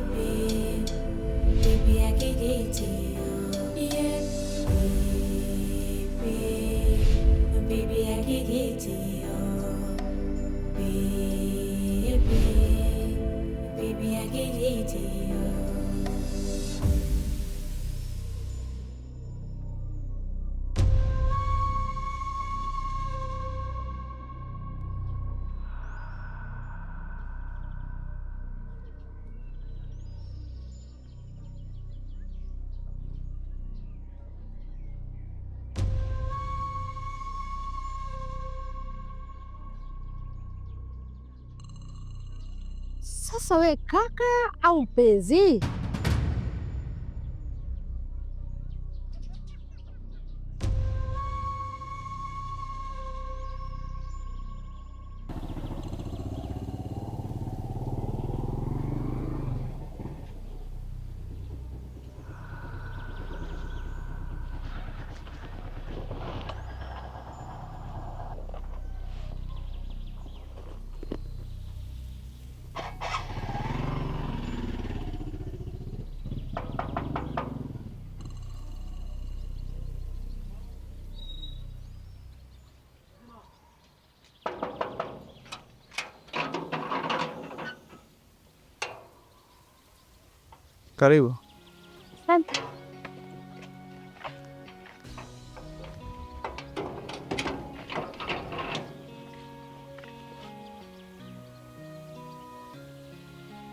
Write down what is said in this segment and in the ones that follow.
baby, baby, I can you. baby, baby, I get you. Baby, baby, I get it to you. Você sabe o que pezinho? Karibu. Asante.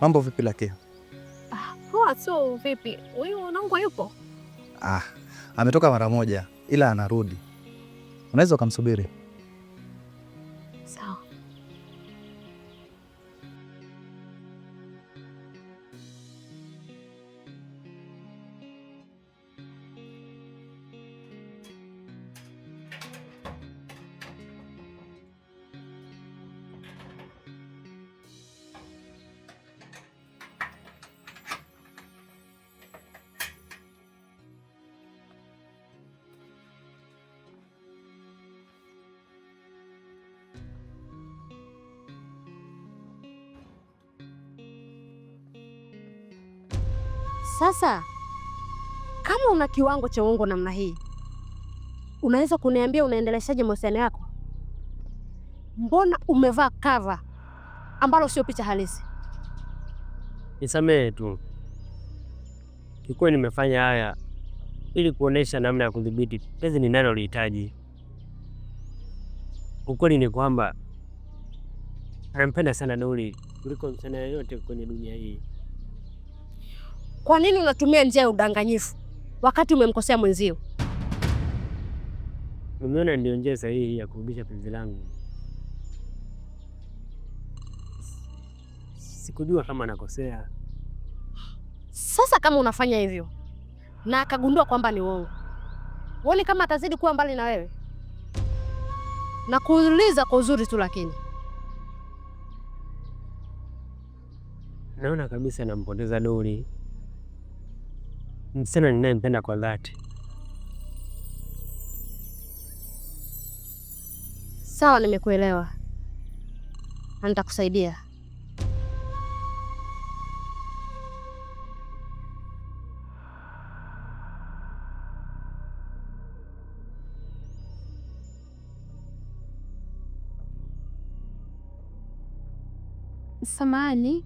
Mambo vipi Lakia? Ah, poa tu. Vipi huyu mwanangu yupo? Ah, ametoka mara moja ila anarudi, unaweza ukamsubiri. Sawa. Sasa kama una kiwango cha uongo namna hii, unaweza kuniambia unaendeleshaje mahusiano yako? Mbona umevaa kava ambalo sio picha halisi? Nisamehe tu, kikuwa nimefanya haya ili kuonesha namna ya kudhibiti penzi ninalolihitaji. Ukweli ni kwamba nampenda sana Nuri kuliko msanii yoyote kwenye dunia hii. Kwa nini unatumia njia ya udanganyifu wakati umemkosea mwenzio? Umeona, ndio njia sahihi ya kurudisha penzi langu. Sikujua kama nakosea. Sasa kama unafanya hivyo na akagundua kwamba ni uongo, uone kama atazidi kuwa mbali na wewe na kuuliza kwa uzuri tu, lakini naona kabisa nampoteza Dori msichana ninayempenda kwa dhati. Sawa, nimekuelewa na nitakusaidia. Samani,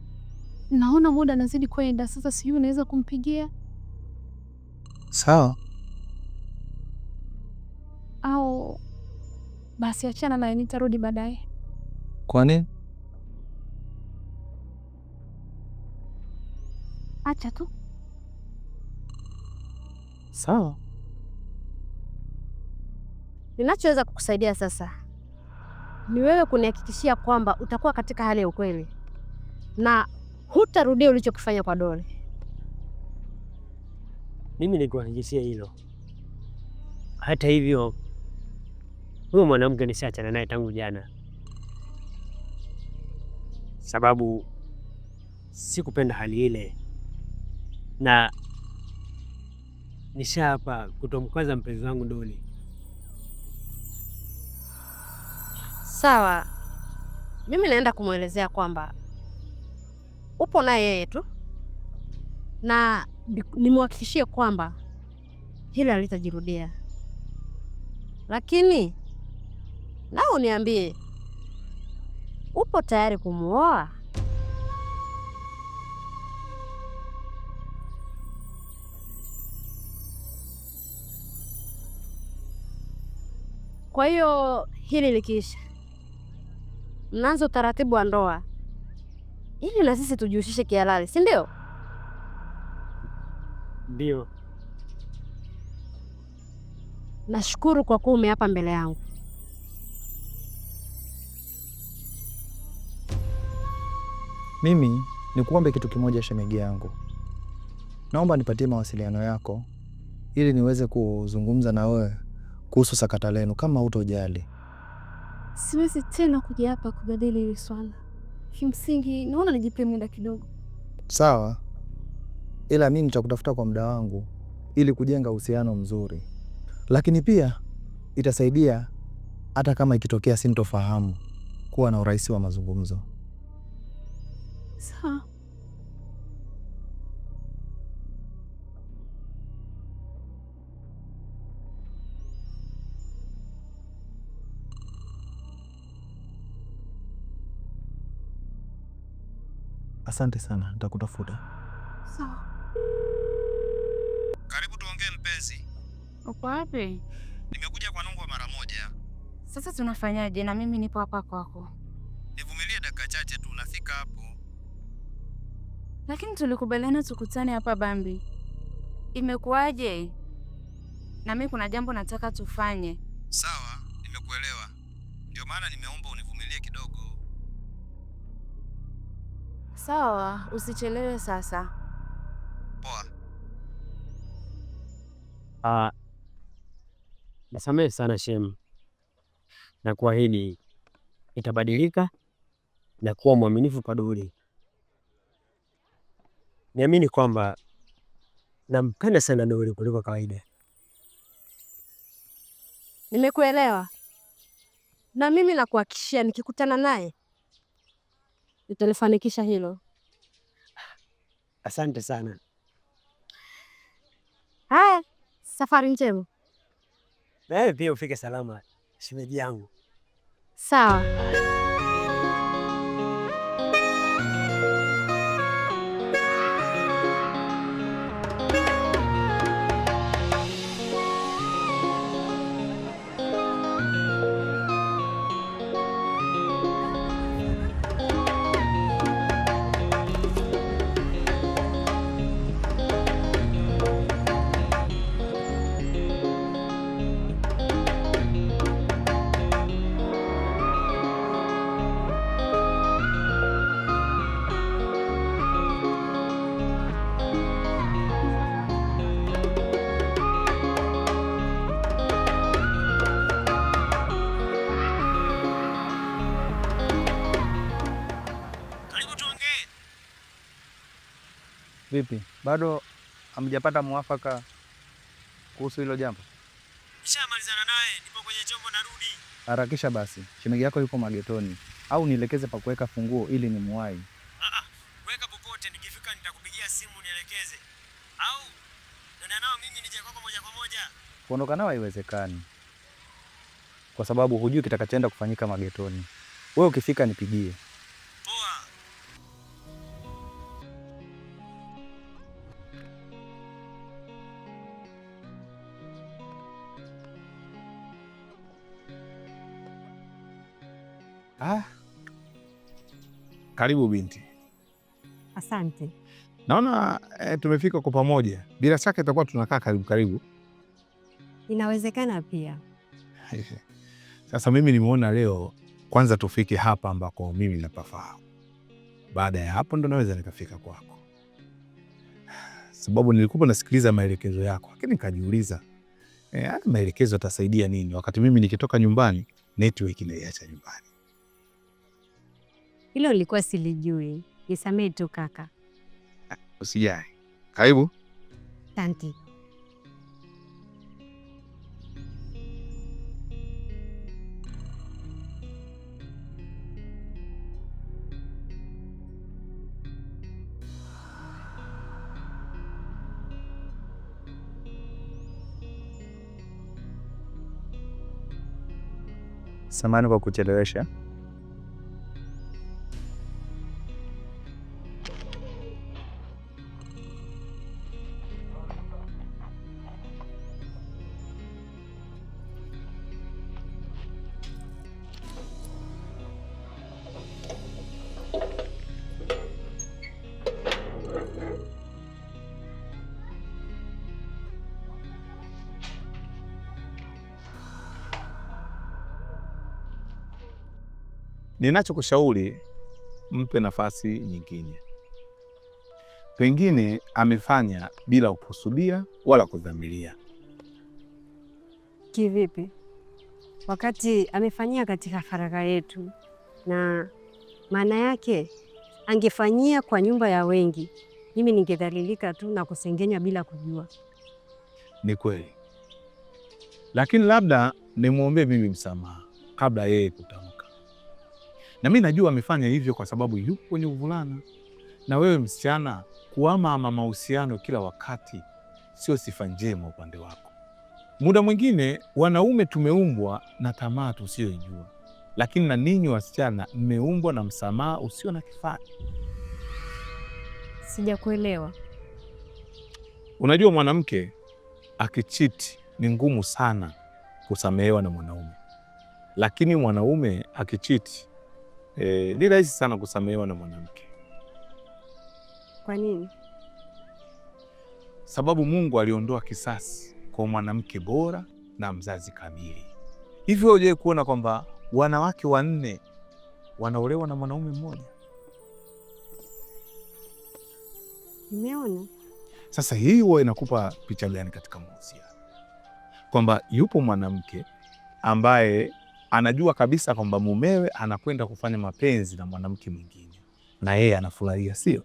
naona muda nazidi kwenda sasa, sijui unaweza kumpigia Sawa. Au basi achana naye, nitarudi baadaye. Kwa nini? Acha tu. Sawa. Ninachoweza kukusaidia sasa ni wewe kunihakikishia kwamba utakuwa katika hali ya ukweli na hutarudia ulichokifanya kwa Dole. Mimi nilikuwa hilo. Hata hivyo, huyo mwanamke nisiachana naye tangu jana, sababu sikupenda hali ile, na nishaapa kutomkwaza mpenzi wangu Doli. Sawa, mimi naenda kumwelezea kwamba upo na yeye tu na nimewahakikishia kwamba hili halitajirudia, lakini nao niambie, upo tayari kumwoa? Kwa hiyo hili likiisha, mnaanza utaratibu wa ndoa ili na sisi tujihusishe kihalali, si ndio? Ndio. Nashukuru kwa kuwa umeapa mbele yangu. Mimi nikuombe kitu kimoja, shemegi yangu, naomba nipatie mawasiliano yako ili niweze kuzungumza na wewe kuhusu sakata lenu, kama hutojali. Siwezi tena kuja hapa kubadili hili swala. Kimsingi naona nijipe muda kidogo. Sawa ila mimi nitakutafuta kwa muda wangu ili kujenga uhusiano mzuri, lakini pia itasaidia hata kama ikitokea sintofahamu, kuwa na urahisi wa mazungumzo. Sawa. Asante sana, nitakutafuta. Sawa. Uko wapi? Nimekuja kwa Nungwa mara moja. Sasa tunafanyaje? Na mimi nipo hapa kwako. Nivumilie dakika chache tu, nafika hapo. Lakini tulikubaliana tukutane hapa Bambi, imekuwaje? Na mimi kuna jambo nataka tufanye. Sawa, nimekuelewa. Ndio maana nimeomba univumilie kidogo. Sawa, usichelewe sasa. Poa. Uh, Nisamehe sana shemu, na kuahidi itabadilika na kuwa mwaminifu kwa Duli. Niamini kwamba nampenda sana dori kuliko kawaida. Nimekuelewa, na mimi nakuhakikishia, nikikutana naye nitalifanikisha hilo. Asante sana. Haya, safari njema na wewe pia ufike salama, shemeji yangu. Sawa. Vipi, bado hamjapata mwafaka kuhusu hilo jambo? Nishamalizana naye, nipo kwenye chombo narudi. Harakisha basi, shemeji yako yuko magetoni, au nielekeze pa kuweka funguo ili nimuwai. Ah, ah, weka popote, nikifika nitakupigia simu nielekeze, au nenda nao mimi nije kwako moja kwa moja. Kuondoka nao haiwezekani, kwa sababu hujui kitakachoenda kufanyika magetoni. Wewe ukifika nipigie. Karibu binti. Asante. Naona e, tumefika kwa pamoja, bila shaka itakuwa tunakaa karibu karibu. Inawezekana pia. Sasa mimi nimeona leo kwanza tufike hapa ambako mimi napafahamu, baada ya hapo ndo naweza nikafika kwako, sababu nilikuwa nasikiliza maelekezo yako, lakini nikajiuliza e, maelekezo atasaidia nini wakati mimi nikitoka nyumbani network naiacha nyumbani. Hilo lilikuwa silijui, nisamehe tu kaka. Ah, Usijali, karibu. Asante. Samahani kwa kuchelewesha. Ninachokushauri, mpe nafasi nyingine, pengine amefanya bila kukusudia wala kudhamiria. Kivipi? Wakati amefanyia katika faragha yetu, na maana yake angefanyia kwa nyumba ya wengi, mimi ningedhalilika tu na kusengenywa bila kujua. Ni kweli, lakini labda nimwombee mimi msamaha kabla yeye kutama na mi najua amefanya hivyo kwa sababu yupo kwenye uvulana, na wewe msichana, kuama ama mahusiano kila wakati sio sifa njema upande wako. Muda mwingine wanaume tumeumbwa na tamaa tusiyoijua, lakini na ninyi wasichana mmeumbwa na msamaha usio na kifani. Sijakuelewa. Unajua, mwanamke akichiti ni ngumu sana kusamehewa na mwanaume, lakini mwanaume akichiti eh, ni rahisi sana kusamehewa na mwanamke. Kwa nini? Sababu Mungu aliondoa kisasi kwa mwanamke bora na mzazi kamili. Hivyo hujai kuona kwamba wanawake wanne wanaolewa na mwanaume mmoja? Nimeona. Sasa hii huwa inakupa picha gani katika mahusiano? Kwamba yupo mwanamke ambaye anajua kabisa kwamba mumewe anakwenda kufanya mapenzi na mwanamke mwingine, na yeye anafurahia, sio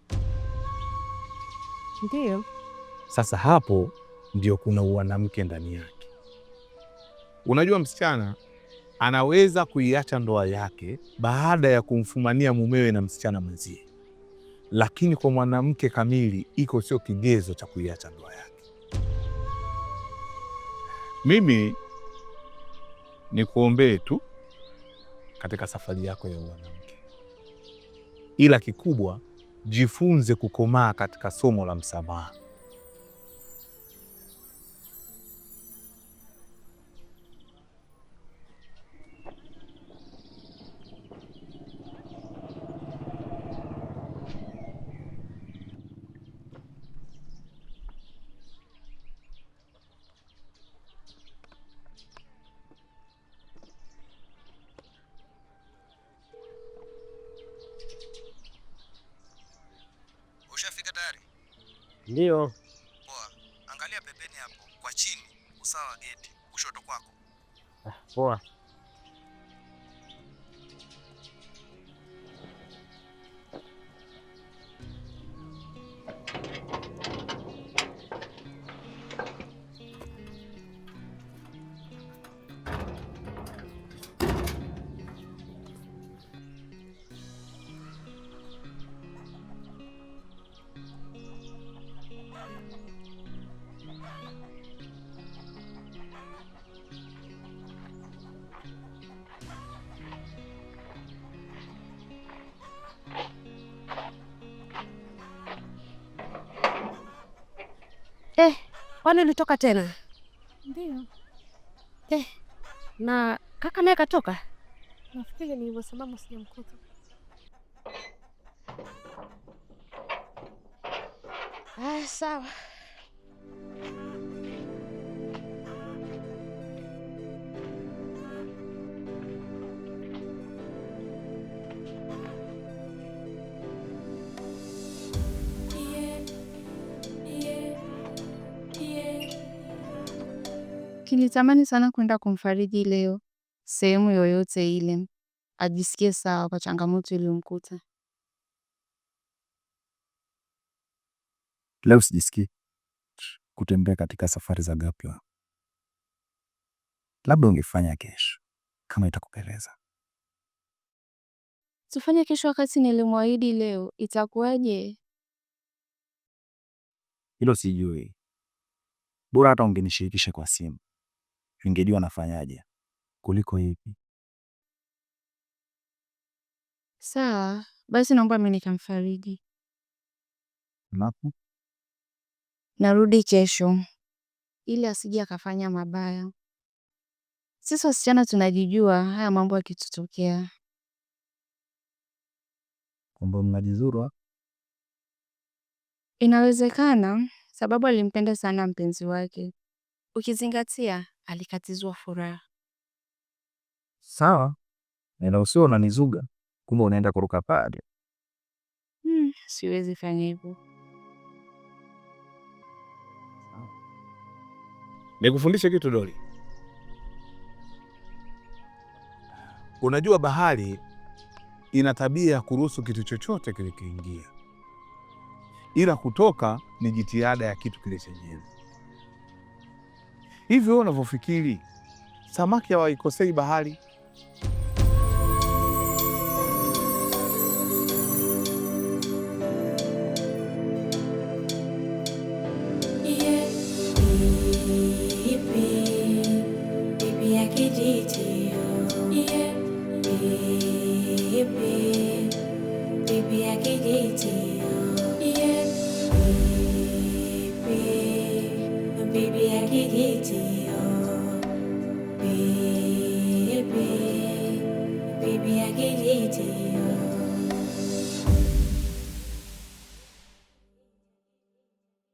ndio? Sasa hapo ndio kuna uwanamke ndani yake. Unajua, msichana anaweza kuiacha ndoa yake baada ya kumfumania mumewe na msichana mwenzie, lakini kwa mwanamke kamili iko sio kigezo cha kuiacha ndoa yake. Mimi ni kuombee tu katika safari yako ya mwanamke, ila kikubwa jifunze kukomaa katika somo la msamaha. Ndio. Poa. Angalia pembeni hapo kwa chini, usawa geti kushoto kwako. Ah, poa. Kwani ulitoka tena? Ndio. Eh, na kaka naye katoka? Nafikiri ni hivyo sababu sijamkuta. Ah, sawa. Nilitamani sana kwenda kumfariji leo, sehemu yoyote ile, ajisikie sawa kwa changamoto iliyomkuta. Leo sijisikii kutembea katika safari za ghafla, labda ungefanya kesho kama itakupeleza. Tufanye kesho wakati nilimwahidi leo, itakuwaje? Hilo sijui, bora hata ungenishirikisha kwa simu ningejua nafanyaje kuliko hivi. Sawa basi, naomba mimi nikamfariji. Napo narudi kesho, ili asije akafanya mabaya. Sisi wasichana tunajijua, haya mambo yakitutokea. Kwamba mnajizurwa inawezekana, sababu alimpenda sana mpenzi wake, ukizingatia alikatizwa furaha. Sawa, nena usio unanizuga, kumbe unaenda kuruka pale. Hmm, siwezi fanya hivyo. Nikufundishe kitu Doli. Unajua bahari ina tabia ya kuruhusu kitu chochote kile kiingia, ila kutoka ni jitihada ya kitu kile chenyewe. Hivyo unavyofikiri, samaki hawaikosei bahari. Bibi ya kijiji